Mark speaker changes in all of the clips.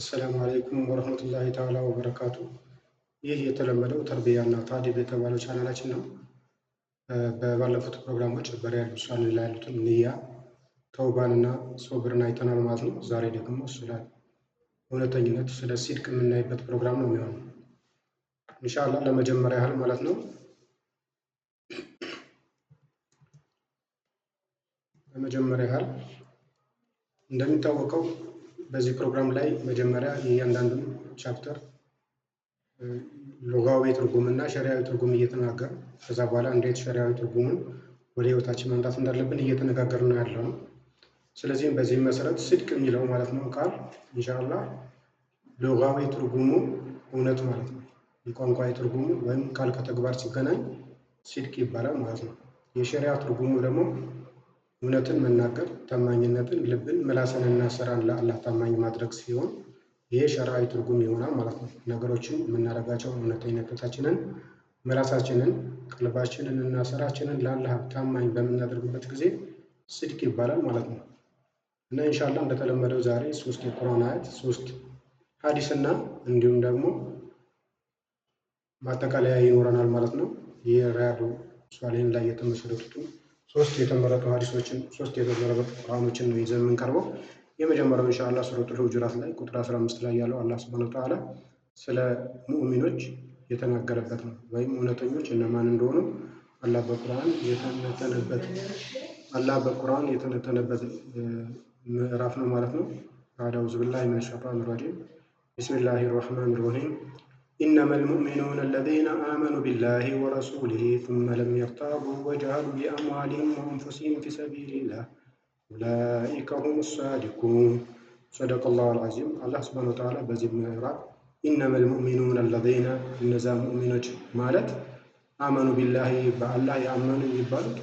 Speaker 1: አሰላሙ አለይኩም ወረህመቱላሂ ተዓላ ወበረካቱ። ይህ የተለመደው ተርቢያና ታዲብ የተባለው ቻናላችን ነው። በባለፉት ፕሮግራሞች በሪያድ ውሳኔ ላይ ያሉትን ንያ ተውባንና ሶብርን አይተናል ማለት ነው። ዛሬ ደግሞ ስለ እውነተኝነት ስለ ሲድቅ የምናይበት ፕሮግራም ነው የሚሆነው ኢንሻአላህ ለመጀመሪያ ያህል ማለት ነው። ለመጀመሪያ ያህል እንደሚታወቀው በዚህ ፕሮግራም ላይ መጀመሪያ የእያንዳንዱን ቻፕተር ሎጋዊ ትርጉም እና ሸሪያዊ ትርጉም እየተናገር ከዛ በኋላ እንዴት ሸሪያዊ ትርጉሙን ወደ ህይወታችን መምጣት እንዳለብን እየተነጋገር ነው ያለ ነው። ስለዚህም በዚህም መሰረት ስድቅ የሚለው ማለት ነው ቃል እንሻላ ሎጋዊ ትርጉሙ እውነት ማለት ነው። የቋንቋዊ ትርጉሙ ወይም ቃል ከተግባር ሲገናኝ ስድቅ ይባላል ማለት ነው። የሸሪያ ትርጉሙ ደግሞ እውነትን መናገር ታማኝነትን፣ ልብን፣ ምላስንና ስራን ለአላህ ታማኝ ማድረግ ሲሆን ይሄ ሸርዓዊ ትርጉም ይሆናል ማለት ነው። ነገሮችን የምናደርጋቸው እውነተኝነታችንን፣ ምላሳችንን፣ ቀልባችንን እና ስራችንን ለአላህ ታማኝ በምናደርግበት ጊዜ ስድቅ ይባላል ማለት ነው። እና ኢንሻላህ እንደተለመደው ዛሬ ሶስት የቁርአን አያት ሶስት ሀዲስ እንዲሁም ደግሞ ማጠቃለያ ይኖረናል ማለት ነው። ይህ ሪያዱ ሷሊሂን ላይ የተመሰረቱትን ሶስት የተመረጡ ሀዲሶችን ሶስት የተመረጡ ቁርአኖችን ነው ይዘን የምንቀርበው። የመጀመሪያው ኢንሻአላህ ሱረቱል ሁጁራት ላይ ቁጥር 15 ላይ ያለው አላህ ሱብሃነሁ ወተዓላ ስለ ሙእሚኖች የተናገረበት ነው። ወይም እውነተኞች እነማን እንደሆኑ አላህ በቁርአን የተነተነበት አላህ በቁርአን የተነተነበት ምዕራፍ ነው ማለት ነው። አዳውዝ ቢላሂ ሚነሸይጣኒ ረጂም ቢስሚላሂ ረህማኒ ረሂም إنما المؤمنون الذين آمنوا بالله ورسوله ثم لم يرتابوا وجعلوا بأموالهم وأنفسهم في سبيل الله أولئك هم الصادقون صدق الله العظيم الله سبحانه وتعالى بزيد مهرات إنما المؤمنون الذين النزا مؤمنوች مالت آمنوا بالله بالله يأمنوا ይባሉት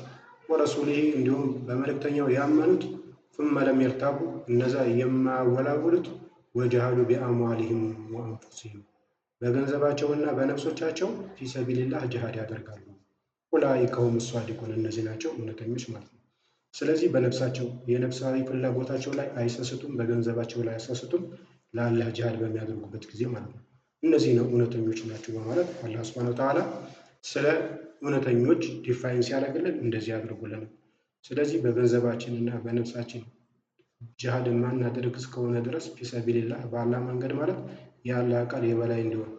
Speaker 1: ورسوله بملك በመልእክተኛው ያመኑት ثم لم يرتابوا ولا ولد وجعلوا بأموالهم وأنفسهم በገንዘባቸውና በነፍሶቻቸው ፊሰቢልላህ ጅሃድ ያደርጋሉ። ኡላኢከ ሁሙ ሷዲቁን እነዚህ ናቸው እውነተኞች ማለት ነው። ስለዚህ በነፍሳቸው የነፍሳዊ ፍላጎታቸው ላይ አይሰስቱም፣ በገንዘባቸው ላይ አይሰስቱም፣ ለአላህ ጅሃድ በሚያደርጉበት ጊዜ ማለት ነው። እነዚህ ነው እውነተኞች ናቸው በማለት አላህ ሱብሃነሁ ወተዓላ ስለ እውነተኞች ዲፋይን ሲያደርግልን እንደዚህ አድርጉልን። ስለዚህ በገንዘባችን እና በነፍሳችን ጅሃድ ማናደርግ እስከሆነ ድረስ ፊሰቢልላህ በአላህ መንገድ ማለት የአላህ ቃል የበላይ እንዲሆን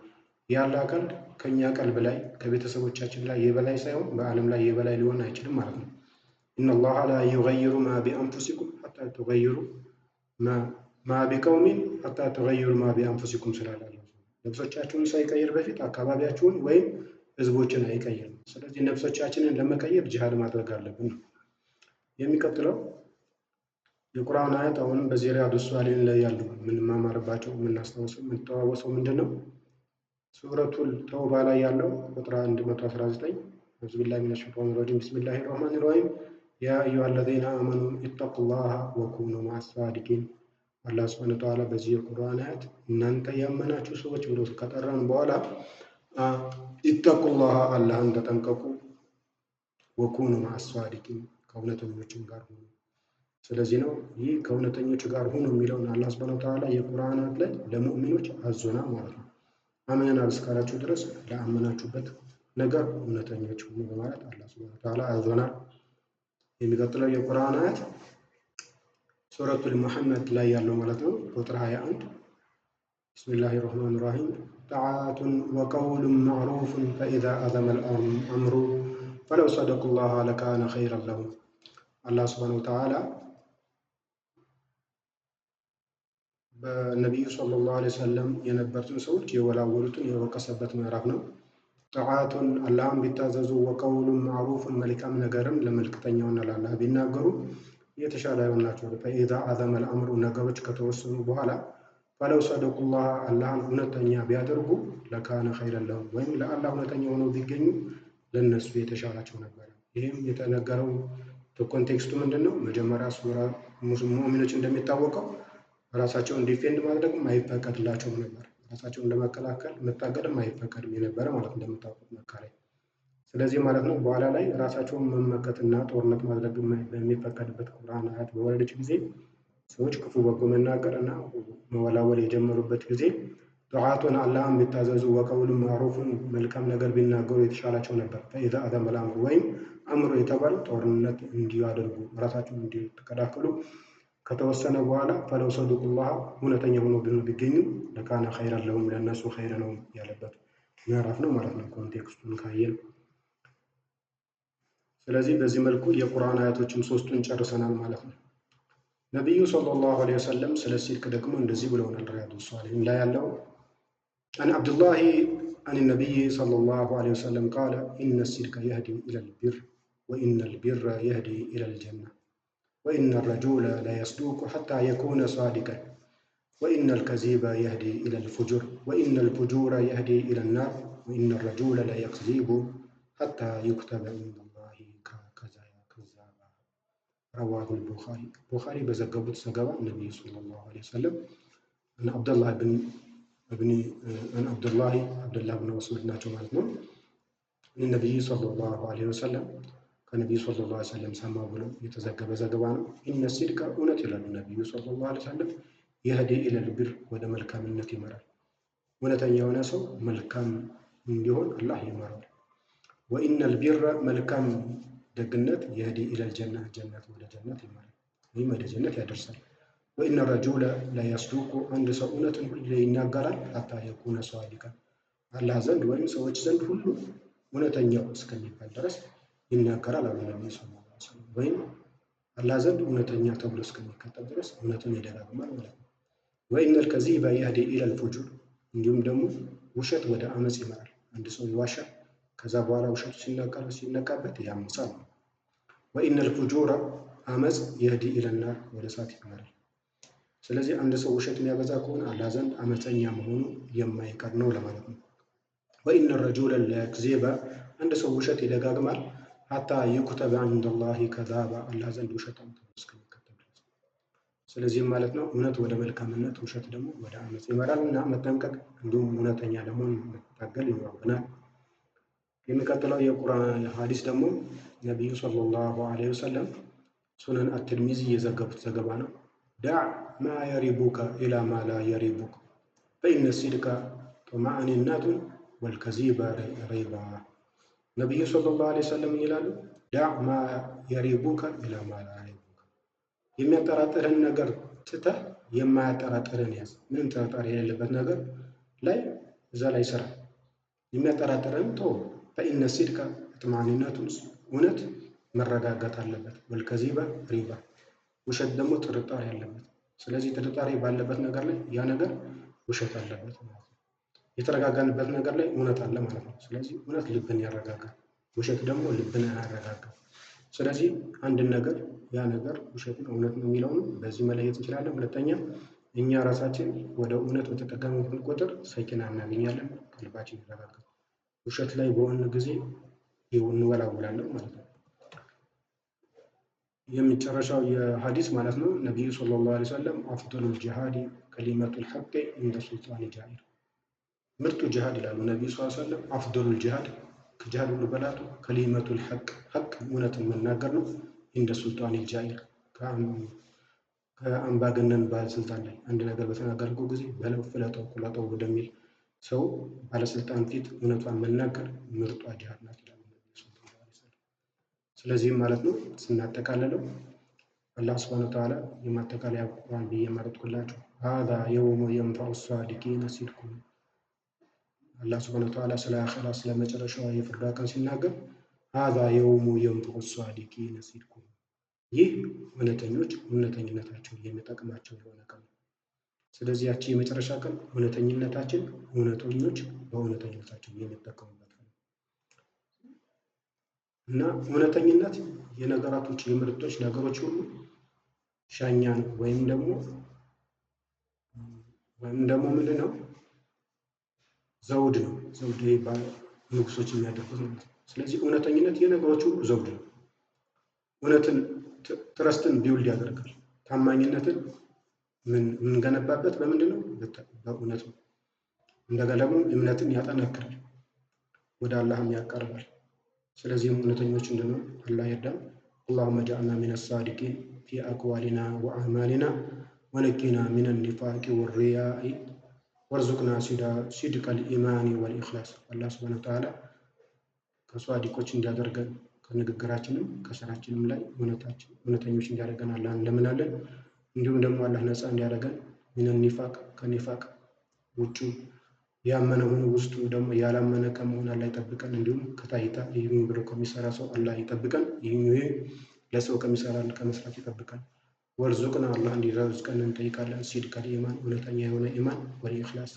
Speaker 1: የአላህ ቃል ከእኛ ቀልብ ላይ ከቤተሰቦቻችን ላይ የበላይ ሳይሆን በዓለም ላይ የበላይ ሊሆን አይችልም ማለት ነው። ኢነላሃ ላ ዩገይሩ ማ ቢአንፉሲኩም ሐታ ቱገይሩ ማ ቢቀውሚን ሐታ ቱገይሩ ማ ቢአንፉሲኩም ስላለ ነፍሶቻችሁን ሳይቀይር በፊት አካባቢያችሁን ወይም ህዝቦችን አይቀይርም። ስለዚህ ነፍሶቻችንን ለመቀየር ጅሃድ ማድረግ አለብን ነው የሚቀጥለው የቁርአን አያት አሁንም በዚህ ሪያዱ ሷሊሒን ላይ ያሉ የምንማማርባቸው የምናስታውሰው የምንተዋወሰው ምንድን ነው? ሱረቱል ተውባ ላይ ያለው ቁጥር 119 አዑዙቢላሂ ሚነ ሸይጧኒ ረጂም ቢስሚላሂ ራህማኒ ራሂም ያ አዩሃ ለዚነ አመኑ ኢተቁላሃ ወኩኑ ማሳዲቂን። አላህ ሱብሃነሁ ወተዓላ በዚህ የቁርአን አያት እናንተ ያመናችሁ ሰዎች ብሎ ከጠራን በኋላ ኢተቁላሃ አላህን ተጠንቀቁ፣ ወኩኑ ማሳዲቂን ከእውነተኞችም ጋር ሆኑ ስለዚህ ነው ይህ ከእውነተኞች ጋር ሁኑ የሚለውን አላህ ሱብሐነሁ ወተዓላ የቁርአናት ላይ ለሙእሚኖች አዞና ማለት ነው። አምነናል እስካላችሁ ድረስ ለአመናችሁበት ነገር እውነተኞች ሁኑ በማለት አላህ ሱብሐነሁ ወተዓላ አዞናል። የሚቀጥለው የቁርአን አያት ሱረቱል መሐመድ ላይ ያለው ማለት ነው ቁጥር 21 ቢስሚላሂ ረህማን ረሂም ጣዓቱን ወቀውሉን ማዕሩፍን ፈኢዛ አዘመል አምሩ ፈለው ሰደቁ ላህ ለካነ ኸይረን ለሁም አላህ ሱብሐነሁ ወተዓላ በነቢዩ ሰለላሁ ዐለይሂ ወሰለም የነበሩትን ሰዎች የወላወሉትን የወቀሰበት ምዕራፍ ነው። ጣዓቱን አላህን ቢታዘዙ ወቀውሉን ማዕሩፍን መልካም ነገርን ለመልክተኛውና ላላህ ቢናገሩ የተሻለ ይሆንላቸዋል። ፈኢዛ አዘመ ልአምሩ ነገሮች ከተወሰኑ በኋላ ፈለው ሰደቁላህ አላህን እውነተኛ ቢያደርጉ ለካነ ኸይረን ለሁም ወይም ለአላህ እውነተኛ ሆነው ቢገኙ ለነሱ የተሻላቸው ነበረ። ይህም የተነገረው ኮንቴክስቱ ምንድን ነው? መጀመሪያ ሱራ ሙእሚኖች እንደሚታወቀው ራሳቸውን ዲፌንድ ማድረግም አይፈቀድላቸውም ነበር። ራሳቸውን ለመከላከል መታገድም አይፈቀድም የነበረ ማለት እንደምታውቁት መካሪ። ስለዚህ ማለት ነው በኋላ ላይ ራሳቸውን መመከትና ጦርነት ማድረግ በሚፈቀድበት ቁርአን አያት በወረደች ጊዜ ሰዎች ክፉ በጎ መናገር እና መወላወል የጀመሩበት ጊዜ ዱዓቱን አላህን ቢታዘዙ ወቀውሉ ማዕሩፍን መልካም ነገር ቢናገሩ የተሻላቸው ነበር። ፈኢዛ አዘመል ወይም አምሮ የተባለው ጦርነት እንዲያደርጉ ራሳቸውን እንዲከላከሉ ከተወሰነ በኋላ ፈለው ሰዱቁላህ እውነተኛ ሆኖ ብሎ ቢገኙ ለካነ ኸይረ ለሁም ለእነሱ ኸይረ ነው ያለበት ምዕራፍ ነው ማለት ነው ኮንቴክስቱን ካየን። ስለዚህ በዚህ መልኩ የቁርአን አያቶችን ሶስቱን ጨርሰናል ማለት ነው። ነቢዩ ሰለላሁ ዐለይሂ ወሰለም ስለ ሲድቅ ደግሞ እንደዚህ ብለውናል። ሪያዱ ሷሊሒን ላይ ያለው አን አብዱላሂ አን ነቢይ ሰለላሁ ዐለይሂ ወሰለም ቃለ ኢነ ሲድቀ የህዲ ኢለል ቢር ወኢነል ቢረ የህዲ ኢለል ጀና وإن الرجل لا يصدق حتى يكون صادقا وإن الكذيب يهدي إلى الفجور وإن الفجور يهدي إلى النار وإن الرجل لا يكذب حتى يكتب عند الله كذا كذابا رواه البخاري البخاري بزقبت سقبا النبي صلى الله عليه وسلم أن عبد الله بن ابن أن عبد الله عبد الله بن مسعود ناتو النبي صلى الله عليه وسلم ከነቢዩ ሰለላሁ ዐለይሂ ወሰለም ሰማሁ ብሎ የተዘገበ ዘገባ ነው። ኢነ ሲድቀ እውነት ይላሉ ነቢዩ ሰለላሁ ዐለይሂ ወሰለም የህዲ ኢለል ቢር ወደ መልካምነት ይመራል። እውነተኛ የሆነ ሰው መልካም እንዲሆን አላህ ይመራዋል። ወኢነል ቢር መልካም ደግነት የህዲ ኢለል ጀና ጀነት ወደ ጀነት ይመራል ወይም ወደ ጀነት ያደርሳል። ወኢነ ረጁለ ላያስዱቁ አንድ ሰው እውነትን ሁሌ ይናገራል። ሀታ የኩነ ሰዋዲቀ አላህ ዘንድ ወይም ሰዎች ዘንድ ሁሉ እውነተኛው እስከሚባል ድረስ ይናገራል። አላ ነቢ ስ ወይም አላህ ዘንድ እውነተኛ ተብሎ እስከሚከተል ድረስ እውነትን ይደጋግማል ማለት ነው። ወይነል ከዚህ በያህዲ ኢለል ፉጁር እንዲሁም ደግሞ ውሸት ወደ አመፅ ይመራል። አንድ ሰው ይዋሻል፣ ከዛ በኋላ ውሸቱ ሲነቀር ሲነቃበት ያምሳል። ወኢነል ፉጁራ አመፅ የህዲ ኢለናር ወደ እሳት ይመራል። ስለዚህ አንድ ሰው ውሸት የሚያበዛ ከሆነ አላህ ዘንድ አመፀኛ መሆኑ የማይቀር ነው ለማለት ነው። ወኢነ ረጁለ ለያክዜበ አንድ ሰው ውሸት ይደጋግማል ሀታ የኩተበ ዐንደላሂ ከዛባ አላህ ዘንድ ውሸታም ተብሎ እስከሚከተብ ድረስ። ስለዚህም ማለት ነው እውነት ወደ መልካምነት፣ ውሸት ደግሞ ወደ አመፅ ይመራል እና መጠንቀቅ እንዲሁም እውነተኛ ለመሆን መታገል ይኖርብናል። የሚቀጥለው የቁርአን ሀዲስ ደግሞ ነቢዩ ሰለላሁ ዐለይሂ ወሰለም ሱነን አትርሚዚ የዘገቡት ዘገባ ነው። ዳዕ ማ የሪቡከ ኢላ ማ ላ የሪቡክ ፈኢነ ሲድከ ጡማአኒነቱን ወልከዚበ ሪባ ነቢዩ ሰለላሁ ዐለይሂ ወሰለም ይላሉ ዳ ማ የሪቡከ ኢላ ማ ላ የሪቡከ፣ የሚያጠራጥርህን ነገር ትተህ የማያጠራጥርህን ያዝ። ምንም ጥርጣሬ የሌለበት ነገር ላይ እዛ ላይ ስራ። የሚያጠራጥርህን ተው። ፈኢነ ሲድከ እጥማኒነቱን፣ እውነት መረጋጋት አለበት። ወልከዚበ ሪባ፣ ውሸት ደግሞ ጥርጣሬ አለበት። ስለዚህ ጥርጣሬ ባለበት ነገር ላይ ያ ነገር ውሸት አለበት ማለት ነው። የተረጋጋንበት ነገር ላይ እውነት አለ ማለት ነው። ስለዚህ እውነት ልብን ያረጋጋል፣ ውሸት ደግሞ ልብን አያረጋጋም። ስለዚህ አንድን ነገር ያ ነገር ውሸት ነው እውነት ነው የሚለውን በዚህ መለየት እንችላለን። ሁለተኛ እኛ ራሳችን ወደ እውነት በተጠጋሚ ቁጥር ሰኪና እናገኛለን፣ ከልባችን ይረጋጋል። ውሸት ላይ በሆን ጊዜ እንወላውላለን ማለት ነው። የመጨረሻው የሀዲስ ማለት ነው። ነቢዩ ሰለላሁ ዐለይሂ ወሰለም አፍዶል ጅሃዲ ከሊመቱል ሐቅ እንደ ሱልጣን ጃኢር ምርጡ ጅሃድ ይላሉ ነቢዩ ሰለም አፍዶሉል ጅሃድ ከጅሃድ ሁሉ በላቱ ከሊመቱል ሐቅ ሐቅ እውነት መናገር ነው። እንደ ሱልጣን ልጃይር ከአምባገነን ባለስልጣን ላይ አንድ ነገር በተናገርገው ጊዜ በለው ፍለጠው ቁላጠው ወደሚል ሰው ባለስልጣን ፊት እውነቷን መናገር ምርጧ ጅሃድ ናት ይላሉ። ስለዚህም ማለት ነው ስናጠቃለለው አላህ ስብሃነ ወተዓላ የማጠቃለያ ቁርአን ብዬ ማለት ማረጥኩላችሁ ሀዛ የውሙ የንፈዑ ሳዲቂነ ሲድኩም አላህ ስብሐነ ወተዓላ ስለ አኺራ ስለ መጨረሻዋ የፍርዷ ቀን ሲናገር ሀዛ የውሙ የንጥቁ ሷዲቂነ ሲድቁም፣ ይህ እውነተኞች እውነተኝነታቸው የሚጠቅማቸው የሆነ ቀን ነው። ስለዚህ ያቺ የመጨረሻ ቀን እውነተኝነታችን እውነተኞች በእውነተኝነታቸው የሚጠቀሙበት ነው እና እውነተኝነት የነገራቶች የምርቶች ነገሮች ሁሉ ሻኛ ነው ወይም ደግሞ ወይም ደግሞ ምንድን ነው ዘውድ ነው። ዘውድ ይባላል ንጉሶች የሚያደርጉት ነው። ስለዚህ እውነተኝነት የነገሮች ሁሉ ዘውድ ነው። እውነትን ትረስትን ቢውልድ ያደርጋል። ታማኝነትን የምንገነባበት በምንድን ነው? በእውነት ነው። እንደገና ደግሞ እምነትን ያጠናክራል፣ ወደ አላህም ያቀርባል። ስለዚህም እውነተኞች እንድንሆን አላህ ይርዳን። አላሁመ ጃአልና ሚን አሳዲቂን ፊ አቅዋሊና ወአዕማሊና ወነቂና ሚን ኒፋቂ ወሪያኢ ወርዙቅና ሲድቀል ኢማኒ ወልኢኽላስ አላህ ስብሐነ ወተዓላ ከሷዲቆች እንዲያደርገን ከንግግራችንም ከስራችንም ላይ እውነተኞች እንዲያደርገን አላህ እንለምናለን። እንዲሁም ደግሞ አላህ ነፃ እንዲያደርገን ሚነን ኒፋቅ ከኒፋቅ ውጩ ያመነ ሆኖ ውስጡ ደግሞ ያላመነ ከመሆን አላህ ይጠብቀን። እንዲሁም ከታይታ ይህን ብሎ ከሚሰራ ሰው አላህ ይጠብቀን። ይህ ለሰው ከሚሰራ ከመስራት ይጠብቀን። ወርዙቅና አላህ እንዲረዝቀን እንጠይቃለን ሲል ካል ኢማን እውነተኛ የሆነ ኢማን ወደ ኢኽላስ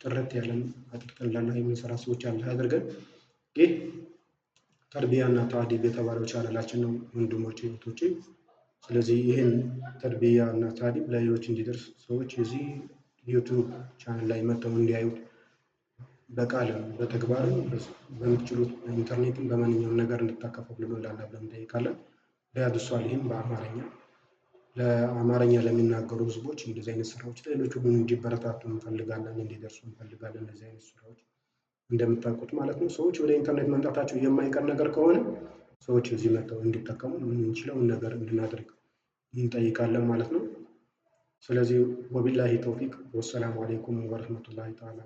Speaker 1: ጥረት ያለን አጥርተን ላላ የምንሰራ ሰዎች አለ አድርገን። ይህ ተርቢያና ታዲብ የተባለው ቻናላችን ነው ወንድሞች እህቶቼ። ስለዚህ ይህን ተርቢያ እና ታዲብ ለሌሎች እንዲደርስ ሰዎች የዚህ ዩቱብ ቻናል ላይ መጥተው እንዲያዩት በቃልም በተግባርም በምትችሉት ኢንተርኔትም በማንኛውም ነገር እንድታካፍሉልን ላላ ብለን እንጠይቃለን። ሪያዱ ሷሊሂን በአማርኛ ለአማርኛ ለሚናገሩ ህዝቦች እንደዚህ አይነት ስራዎች ሌሎቹ እንዲበረታቱ እንፈልጋለን፣ እንዲደርሱ እንፈልጋለን። እንደዚህ አይነት ስራዎች እንደምታውቁት ማለት ነው ሰዎች ወደ ኢንተርኔት መምጣታቸው የማይቀር ነገር ከሆነ ሰዎች እዚህ መጥተው እንዲጠቀሙ የምንችለውን ነገር እንድናደርግ እንጠይቃለን ማለት ነው። ስለዚህ ወቢላሂ ተውፊቅ ወሰላሙ አሌይኩም ወረህመቱላሂ ተዓላ